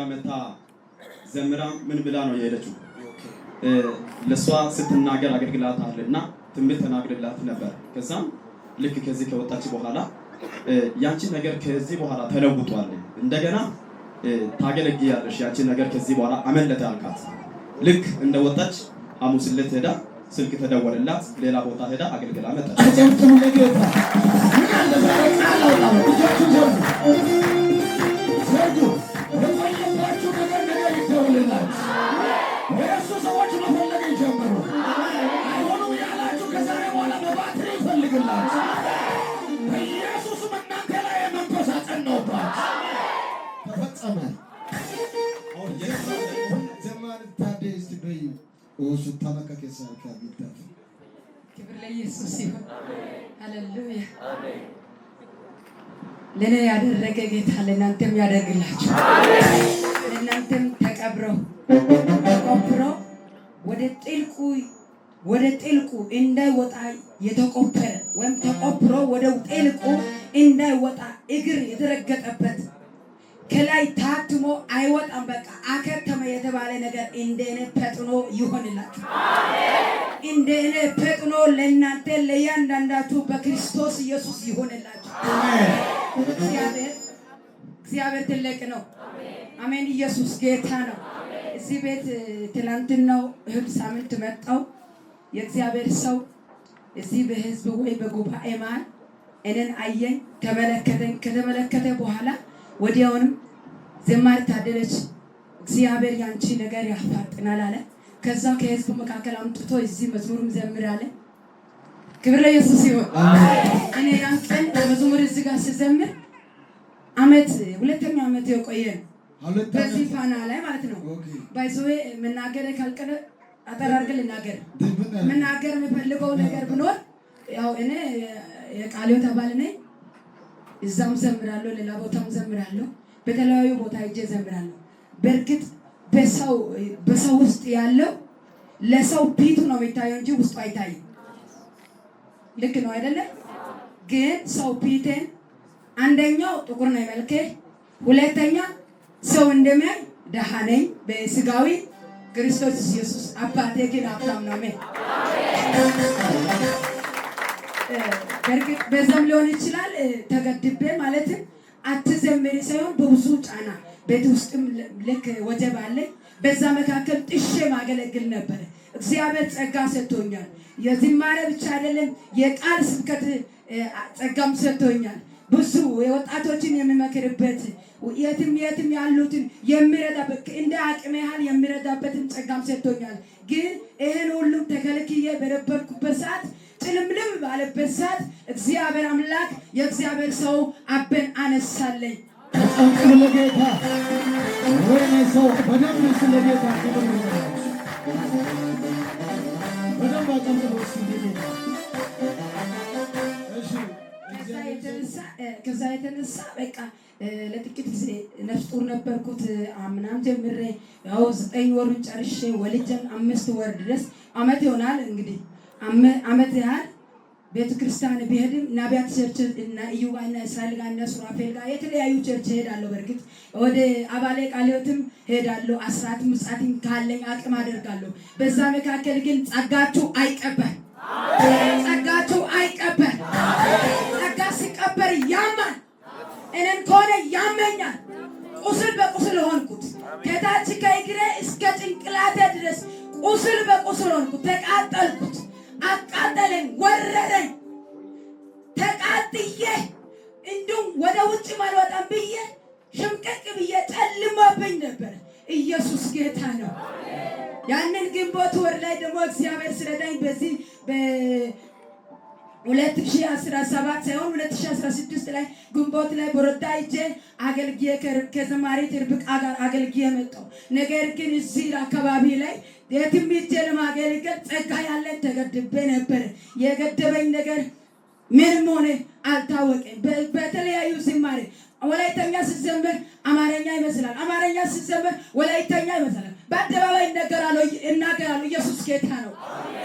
ጋር መታ ዘምራ ምን ብላ ነው የሄደችው? ለእሷ ስትናገር አገልግላት አለ እና ትምህርት ተናግርላት ነበር። ከዛም ልክ ከዚህ ከወጣች በኋላ ያንቺ ነገር ከዚህ በኋላ ተለውጧል፣ እንደገና ታገለግያለሽ፣ ያንቺ ነገር ከዚህ በኋላ አመለጠ አልካት። ልክ እንደወጣች ሐሙስ ዕለት ሄዳ ስልክ ተደወለላት፣ ሌላ ቦታ ሄዳ አገልግላ መጣች። ያድርግላችሁ። በኢየሱስ በእናንተ ላይ የመንፈስ አጸናውባችሁ። ተፈጸመ። ክብር ለኢየሱስ ይሁን። ሃሌሉያ። ለእኔ ያደረገ ጌታ ለእናንተም ያደርግላችሁ። ለእናንተም ተቀብረው ተቆፍረው ወደ ጥልቁ ወደ ጥልቁ እንዳይወጣ የተቆፈረ ወይም ተቆፍሮ ወደ ጥልቁ እንዳይወጣ እግር የተረገጠበት ከላይ ታትሞ አይወጣም። በቃ አከተመ የተባለ ነገር እንደኔ ፈጥኖ ይሆንላችሁ። እንደኔ ፈጥኖ ለእናንተ ለእያንዳንዳችሁ በክርስቶስ ኢየሱስ ይሆንላችሁ። እግዚአብሔር ትልቅ ነው። አሜን። ኢየሱስ ጌታ ነው። እዚህ ቤት ትናንትናው እህል ሳምንት መጣው የእግዚአብሔር ሰው እዚህ በህዝብ ወይ በጉባኤ መሃል እኔን አየኝ፣ ተመለከተኝ። ከተመለከተ በኋላ ወዲያውንም ዘማሪ ታደለች እግዚአብሔር ያንቺ ነገር ያፋጥናል አለ። ከዛ ከህዝቡ መካከል አምጥቶ እዚህ መዝሙርም ዘምር አለ። ክብር ለኢየሱስ ይሁን። እኔ ያን ቀን በመዝሙር እዚህ ጋር ስዘምር አመት ሁለተኛ አመት የቆየ በዚህ ፋና ላይ ማለት ነው ባይዘዌ መናገር ካልቀረ አጠር አድርገን ልናገር ምናገር የምፈልገው ነገር ብኖር ያው እኔ የቃሊዮ ተባል ነኝ። እዛም ዘምራለሁ፣ ሌላ ቦታም ዘምራለሁ፣ በተለያዩ ቦታ ሄጄ ዘምራለሁ። በእርግጥ በሰው ውስጥ ያለው ለሰው ፊቱ ነው የሚታየው እንጂ ውስጡ አይታይም። ልክ ነው አይደለ? ግን ሰው ፊቴን አንደኛው ጥቁር ነው መልኬ፣ ሁለተኛ ሰው እንደሚያይ ደሃ ነኝ በስጋዊ ክርስቶስ ኢየሱስ አባቴ ግን ሀብታም ነው። በእርግጥ በዛም ሊሆን ይችላል ተገድቤ ማለትም አትዘምሪ ሳይሆን በብዙ ጫና ቤት ውስጥም ልክ ወጀብ አለኝ። በዛ መካከል ጥሼ ማገለግል ነበረ። እግዚአብሔር ጸጋ ሰጥቶኛል። የዝማሬ ብቻ አይደለም የቃል ስብከት ጸጋም ሰጥቶኛል። ብዙ የወጣቶችን የሚመክርበት የትም የትም ያሉትን የሚረዳበት እንደ አቅሜ ያህል የሚረዳበትን ጸጋም ሰጥቶኛል። ግን ይህን ሁሉም ተከልክዬ በነበርኩበት ሰዓት ጭልምልም ባለበት ሰዓት እግዚአብሔር አምላክ የእግዚአብሔር ሰው አበን አነሳለኝ። ክብር ለጌታ። ሰው ከዛ የተነሳ በቃ ለጥቂት ጊዜ ነፍሰ ጡር ነበርኩት። አምናም ጀምሬ ያው ዘጠኝ ወሩን ጨርሼ ወልጀን አምስት ወር ድረስ አመት ይሆናል እንግዲህ አመት ያህል ቤተክርስቲያን ብሄድም ናቢያት ቸርች እና እዩ እና እስራኤል ጋር እና ሱራፌል ጋር የተለያዩ ቸርች ሄዳለሁ። በእርግጥ ወደ አባሌ ቃልዮትም ሄዳለሁ። አስራት ምጻትም ካለኝ አቅም አደርጋለሁ። በዛ መካከል ግን ጸጋችሁ አይቀበል ጸጋችሁ አይቀበል እኔም ከሆነ ያመኛል። ቁስል በቁስል ሆንኩት ከታች ከእግሬ እስከ ጭንቅላቴ ድረስ ቁስል በቁስል ሆንኩት። ተቃጠልኩት፣ አቃጠለኝ፣ ወረረኝ። ተቃጥዬ እንዲሁም ወደ ውጭ አልወጣም ብዬ ሽምቀቅ ብዬ ጨልሞብኝ ነበር ኢየሱስ ጌታ ነው። ያንን ግንቦት ወር ላይ ደግሞ እግዚአብሔር ስለዳኝ በዚህ ሁለት ሳይሆን ሁለት ላይ ግንቦት ላይ ከዘማሪት ርብቃ ጋር ነገር ግን እዚህ አካባቢ ላይ የትም ሂጄ ለማገልገል ጸጋ ተገድቤ የገደበኝ ነገር ምንም ሆነ አልታወቀም። በተለያዩ ዝማሬ ወላይተኛ ስትዘምር አማርኛ ይመስላል፣ አማርኛ ስዘምር ወላይተኛ ይመስላል። በአደባባይ ኢየሱስ ጌታ ነው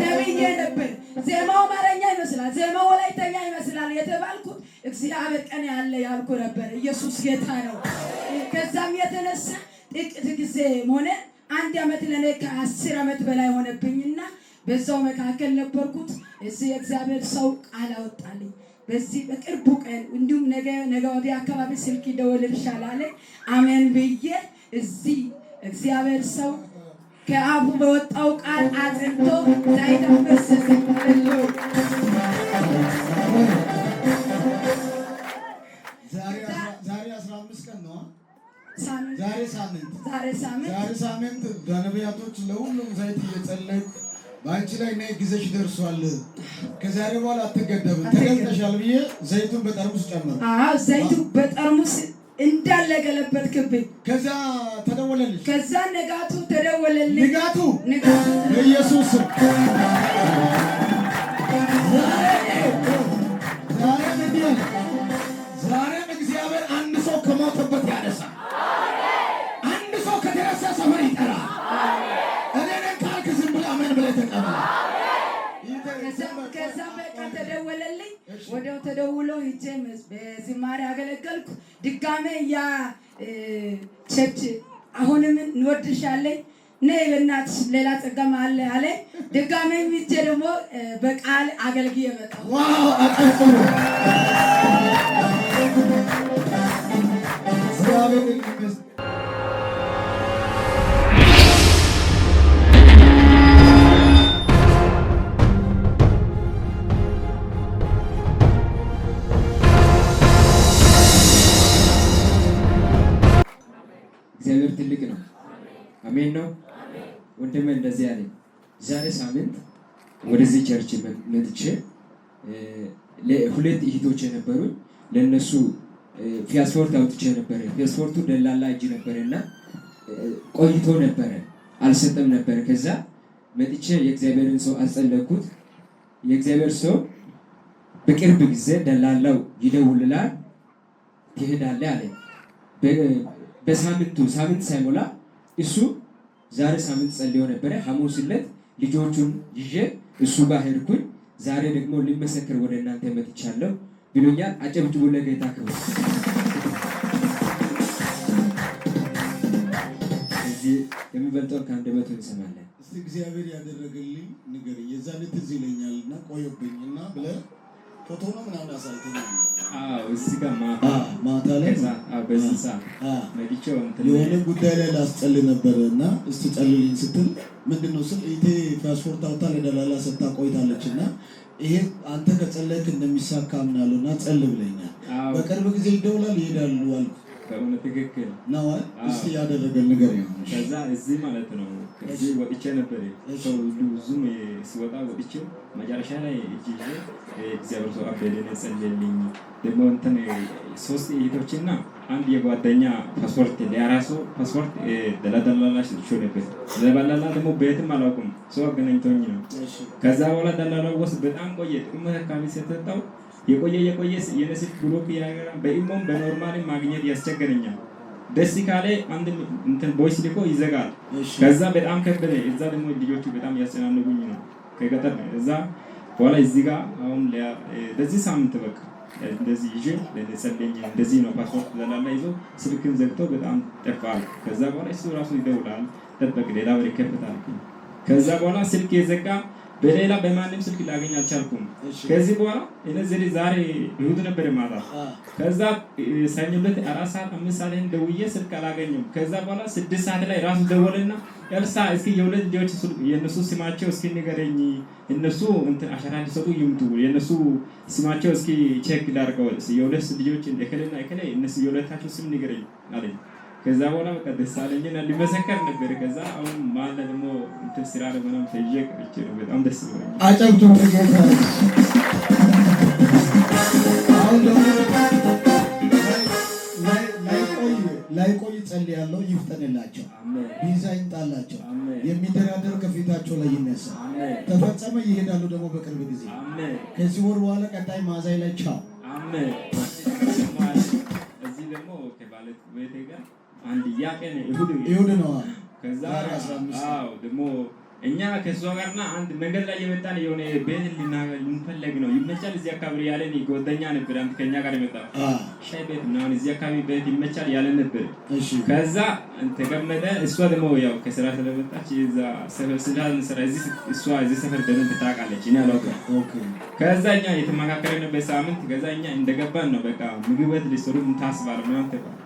ተብዬ ነበር። ዜማው አማርኛ ይመስላል፣ ዜማው ወላይተኛ ይመስላል የተባልኩት እግዚአብሔር ቀን ያለ ያልኩ ነበር። ኢየሱስ ጌታ ነው። ከዛም የተነሳ ጥቂት ጊዜ ሆነ አንድ ዓመት ለኔ ከአስር ዓመት በላይ ሆነብኝና በዛው መካከል ነበርኩት። እዚህ የእግዚአብሔር ሰው ቃል አወጣልኝ። በዚህ በቅርቡ ቀን እንዲሁም ነገ ነገ ወዲያ አካባቢ ስልክ ይደወልልሻል አለ። አሜን ብዬ እዚህ እግዚአብሔር ሰው ከአፉ በወጣው ቃል አጽንቶ ሳይተፈሰስ ዛሬ አስራ አምስት ቀን ዛሬ ሳምንት ዛሬ ሳምንት ዳነቢያቶች ለሁሉም ዘይት እየጸለቅ በአንቺ ላይ ናይ ጊዜሽ ደርሷል። ከዛሬ በኋላ አትገደብም ተገልጠሻል ብዬ ዘይቱን በጠርሙስ ጨመር ዘይቱ በጠርሙስ እንዳለ ገለበት ገለበጥክብኝ። ከዛ ተደወለልኝ። ከዛ ንጋቱ ተደወለልኝ። ንጋቱ ንጋቱ ኢየሱስ ዛሬም እግዚአብሔር አንድ ሰው ከሞተበት ተደውለው ሂጄ በዝማሬ አገለገልኩ። ድጋሜ ያ ቸርች አሁንም እንወድሻለን ነይ በእናትሽ ሌላ ጸጋም አለ አለ። ድጋሜ ሂጄ ደግሞ በቃል አገልግዬ መጣሁ። ዋው ዛሬ ሳምንት ወደዚህ ቸርች መጥቼ ሁለት እህቶች የነበሩ ለእነሱ ፓስፖርት አውጥቼ ነበረ። ፓስፖርቱ ደላላ እጅ ነበረ እና ቆይቶ ነበረ አልሰጠም ነበረ። ከዛ መጥቼ የእግዚአብሔርን ሰው አስጸለኩት። የእግዚአብሔር ሰው በቅርብ ጊዜ ደላላው ይደውልላል፣ ትሄዳለህ አለ። በሳምንቱ ሳምንት ሳይሞላ እሱ ዛሬ ሳምንት ጸልዮ ነበረ ሐሙስ ዕለት ልጆቹን ይዤ እሱ ጋር ሄድኩኝ። ዛሬ ደግሞ ልመሰክር ወደ እናንተ መጥቻለሁ ብሎኛል። አጨብጭቡ ለጌታ ክብር። እዚህ የሚበልጠው ከአንድ መቶ እንሰማለን። እስቲ እግዚአብሔር ያደረገልኝ ነገር የዛን ትዝ ይለኛል እና ቆየብኝ እና ብለ ፎቶ ነው ምናምን አሳይተኛል። እዚህ ጋር ማታ ላይ በዚህ ሰዓት መጥቼው የሆነ ጉዳይ ላይ ላስጨል ነበረ እና እስቲ ጨልልኝ ስትል ምንድነው ስቅይቴ ፓስፖርት አውጣ ለደላላ ሰጣ ቆይታለች እና ይሄ አንተ ከጸለይክ እንደሚሳካ ምናለሁ እና ጸል ብለኛል። በቅርብ ጊዜ ይደውላል ይሄዳሉ አልኩ። ከሆነ ትክክል ነው። እስቲ ያደረገን ነገር ከዛ እዚህ ማለት ነው ከዚህ ወጥቼ ነበር። ሰው ብዙም ስወጣ ወጥቼ መጨረሻ ላይ እጅ እግዚአብሔር ሰው አበደን ጸልልኝ። ደግሞ እንትን ሶስት እህቶችና አንድ የጓደኛ ፓስፖርት ለራሱ ፓስፖርት ለደላላ ሽሾ ነበር። ለባላላ ደግሞ ቤትም አላውቅም ሰው አገናኝቶኝ ነው። ከዛ በኋላ ደላላ ወስድ በጣም ቆየ ጥቅም አካባቢ ስትጠጣው የቆየ የቆየ የነሲፍ ብሎክ ያገራ በኢሞም በኖርማል ማግኘት ያስቸገረኛል። ደስ ካለ አንድ እንትን ቦይስ ልኮ ይዘጋል። ከዛ በጣም ከበደ። እዛ ደግሞ ልጆቹ በጣም ያስጨናነቁኝ ነው ከገጠር እዛ በኋላ እዚህ ጋር አሁን ለዚህ ሳምንት በቃ እንደዚህ ይዤ ለጸለኝ እንደዚህ ነው ፓስፖርት ዘላላ ይዞ ስልክን ዘግቶ በጣም ጠፋል። ከዛ በኋላ እሱ ራሱ ይደውላል ጠበቅ ሌላ በር ይከፍታል። ከዛ በኋላ ስልክ የዘጋ በሌላ በማንም ስልክ ላገኝ አልቻልኩም። ከዚህ በኋላ እነዚህ ዛሬ እሑድ ነበር ማታ። ከዛ ሰኞ አራት ሰዓት አምስት ሰዓት ላይ ደውዬ ስልክ አላገኘም። ከዛ በኋላ ስድስት ሰዓት ላይ ራሱ ደወለና ኤልሳ እስኪ የሁለት ልጆች የእነሱ ስማቸው እስኪ ንገረኝ፣ እነሱ እንትን አሻራ ሊሰጡ ይምጡ፣ የእነሱ ስማቸው እስኪ ቼክ ላድርገው፣ የሁለት ልጆች እከሌና እከሌ የሁለታቸው ስም ንገረኝ አለኝ። ከዛ በኋላ በቃ ደስ አለኝ እና ሊመሰከር ነበር። ከዛ አሁን ማለ ደግሞ ስራ ለሆነ ተየቅ ብቻ ነው በጣም ደስ ብሎኝ አጨብቶ ላይቆይ ጸልያለሁ። ይፍጠንላቸው፣ ቪዛ ይምጣላቸው። የሚደራደር ከፊታቸው ላይ ይነሳ። ተፈጸመ። ይሄዳሉ ደግሞ በቅርብ ጊዜ ከዚህ ወር በኋላ ቀጣይ ማዛይ ላይ ቻው። እዚህ ደግሞ ከባለቤቴ ጋር አንድያ ቀን እሑድ ነው። ከዛ ደግሞ እኛ ከእሷ ጋርና አንድ መንገድ ላይ የመጣን የሆነ ቤት ልንፈለግ ነው ይመቻል፣ እዚህ አካባቢ ያለን ጓደኛ ነበር። አንድ ከኛ ጋር የመጣ ሻይ ቤት ምናምን እዚህ አካባቢ ቤት ይመቻል ያለን ነበር። ከዛ ተቀመጠ። እሷ ደግሞ ያው ከስራ ስለመጣች ስራ እሷ እዚህ ሰፈር በደንብ ታውቃለች፣ እኔ አላውቅም። ከዛ እኛ የተመካከረንበት ሳምንት ከዛ እኛ እንደገባን ነው በቃ ምግብ ቤት ሊሰሩ ታስባል ምናምን ተባለ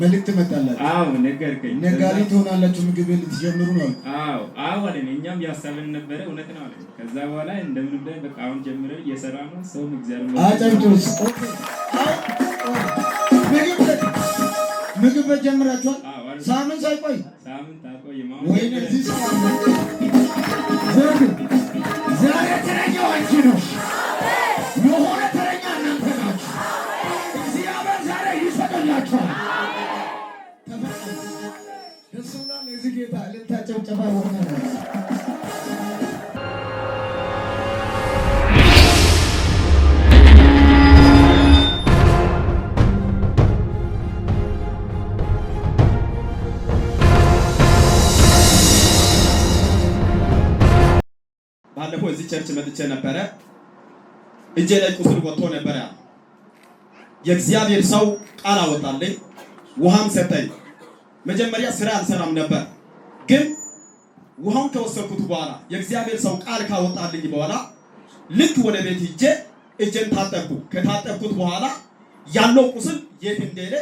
መልእክት መጣላችሁ። አዎ ነገርከኝ። ነጋዴ ትሆናላችሁ ምግብ ልትጀምሩ ነው። አዎ አዎ አለን። እኛም ያሰብን ነበረ፣ እውነት ነው አለን። ከዛ በኋላ እንደምን ብለን በቃ አሁን ጀምረን እየሰራ ነው። ሰውም እግዚአብሔር ምግብ ጀምራችኋል? ሳምንት ሳይቆይ ሳምንት አቆይ ወይም እዚህ ባለፈው እዚህ ቸርች መጥቼ ነበረ። እጄ ላይ ቁስል ወጥቶ ነበረ። የእግዚአብሔር ሰው ቃል አወጣልኝ፣ ውሃም ሰጠኝ። መጀመሪያ ስራ አልሰራም ነበር፣ ግን ውሃውን ከወሰድኩት በኋላ የእግዚአብሔር ሰው ቃል ካወጣልኝ በኋላ ልክ ወደ ቤት ሂጄ እጄን ታጠብኩ። ከታጠብኩት በኋላ ያለው ቁስል የት እንደሄደ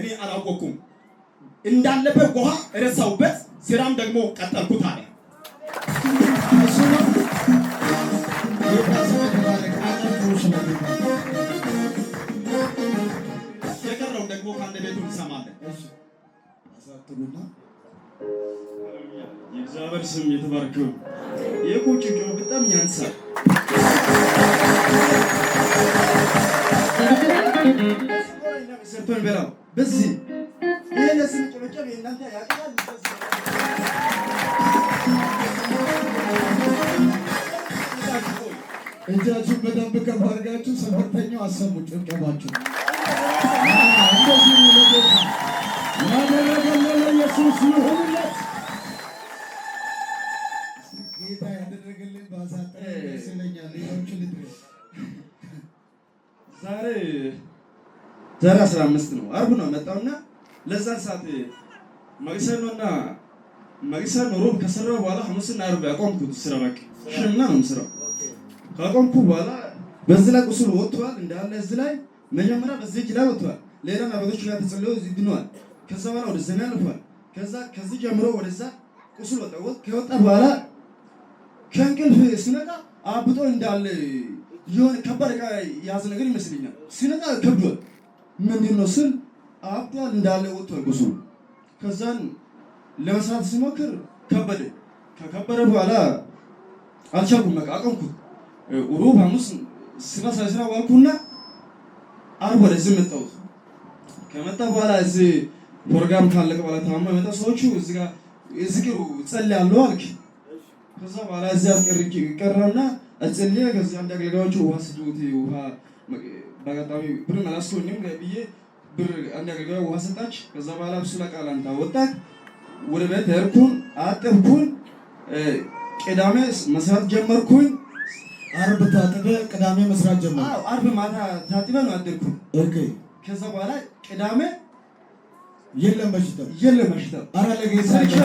እኔ አላወቅኩም። እንዳለበት ውሃ እረሳውበት፣ ስራም ደግሞ ቀጠልኩት አለ። የቀረው ደግሞ ከአንድ ቤቱ እንሰማለን። የእግዚአብሔር ስም የተባረከ ይሁን። የቁጭው በጣም ያንሳል። በዚህ ይህ ለስም ጭብጨባ የእናንተ ያቅጣል እጃችሁን በደንብ ከፍ አድርጋችሁ ሰፈርተኛው አሰሙ ጭብጨባችሁ። እንደዚህ ያደረገልን ኢየሱስ ይሁንለት። ጌታ ያደረገልን ባሳጠረ ይመስለኛል። ዛሬ ዛሬ አስራ አምስት ነው አርብ ነው መጣውና ለዛን ሰዓት መሪሰኖና መሪሰኖ ሮብ ከሰራው በኋላ ሐሙስና አርብ ያቆምኩት ስራ በቃ ሽምና ነው የምሰራው ካቆምኩ በኋላ በዚህ ላይ ቁስሉ ወጥቷል እንዳለ እዚህ ላይ መጀመሪያ በዚህ እጅ ላይ ወጥቷል። ሌላ ናበቶች ጋር ተጸልዮ ድኗል። ከዛ በኋላ ወደ ዘና ያልፏል። ከዛ ከዚህ ጀምሮ ወደዛ ቁስል ወጣ። ከወጣ በኋላ ከእንቅልፍ ስነቃ አብጦ እንዳለ የሆነ ከባድ እቃ የያዘ ነገር ይመስለኛል። ስነቃ ከብዷል። ምንድን ነው ስል አብጧል እንዳለ ወጥቷል ቁስሉ። ከዛን ለመስራት ሲሞክር ከበደ። ከከበደ በኋላ አልቻልኩም፣ በቃ አቆምኩት። እሑድ ሐሙስ ስራ ሳይስራ ዋልኩና አርብ ወደዚህ መጣሁት። ከመጣ በኋላ እዚህ ፕሮግራም ካለቀ በኋላ ታማ መጣ። ሰዎቹ እዚህ ጋር ዝክሩ ጸልያለሁ አልክ። ከዛ በኋላ እዚህ አስቀርቂ ቀራና አጸልየ ከዚህ አንድ አገልጋዮቹ ውሃ ስጡት ውሃ በአጋጣሚ ብር አላስቶኝም ብዬ ብር አንድ አገልጋዩ ውሃ ሰጣች። ከዛ በኋላ ብሱላ ቃል አንታ ወጣት ወደ ቤት ሄድኩኝ፣ አጠብኩኝ። ቅዳሜ መስራት ጀመርኩኝ። አርብ ታጥበ ቅዳሜ መስራት ጀመርክ? አዎ አርብ ማታ ታጥበህ ነው አደርኩ። ኦኬ። ከዛ በኋላ ቅዳሜ የለም በሽታው የለም በሽታው። ኧረ ለጌታ